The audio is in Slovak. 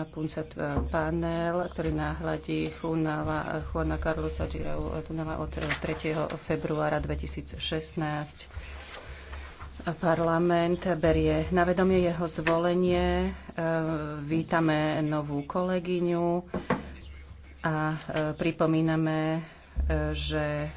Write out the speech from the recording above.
na Punset panel, ktorý náhľadí Juana Carlosa Girau e, tunela od 3. E, februára 2016. Parlament berie na vedomie jeho zvolenie. E, vítame novú kolegyňu a pripomíname, že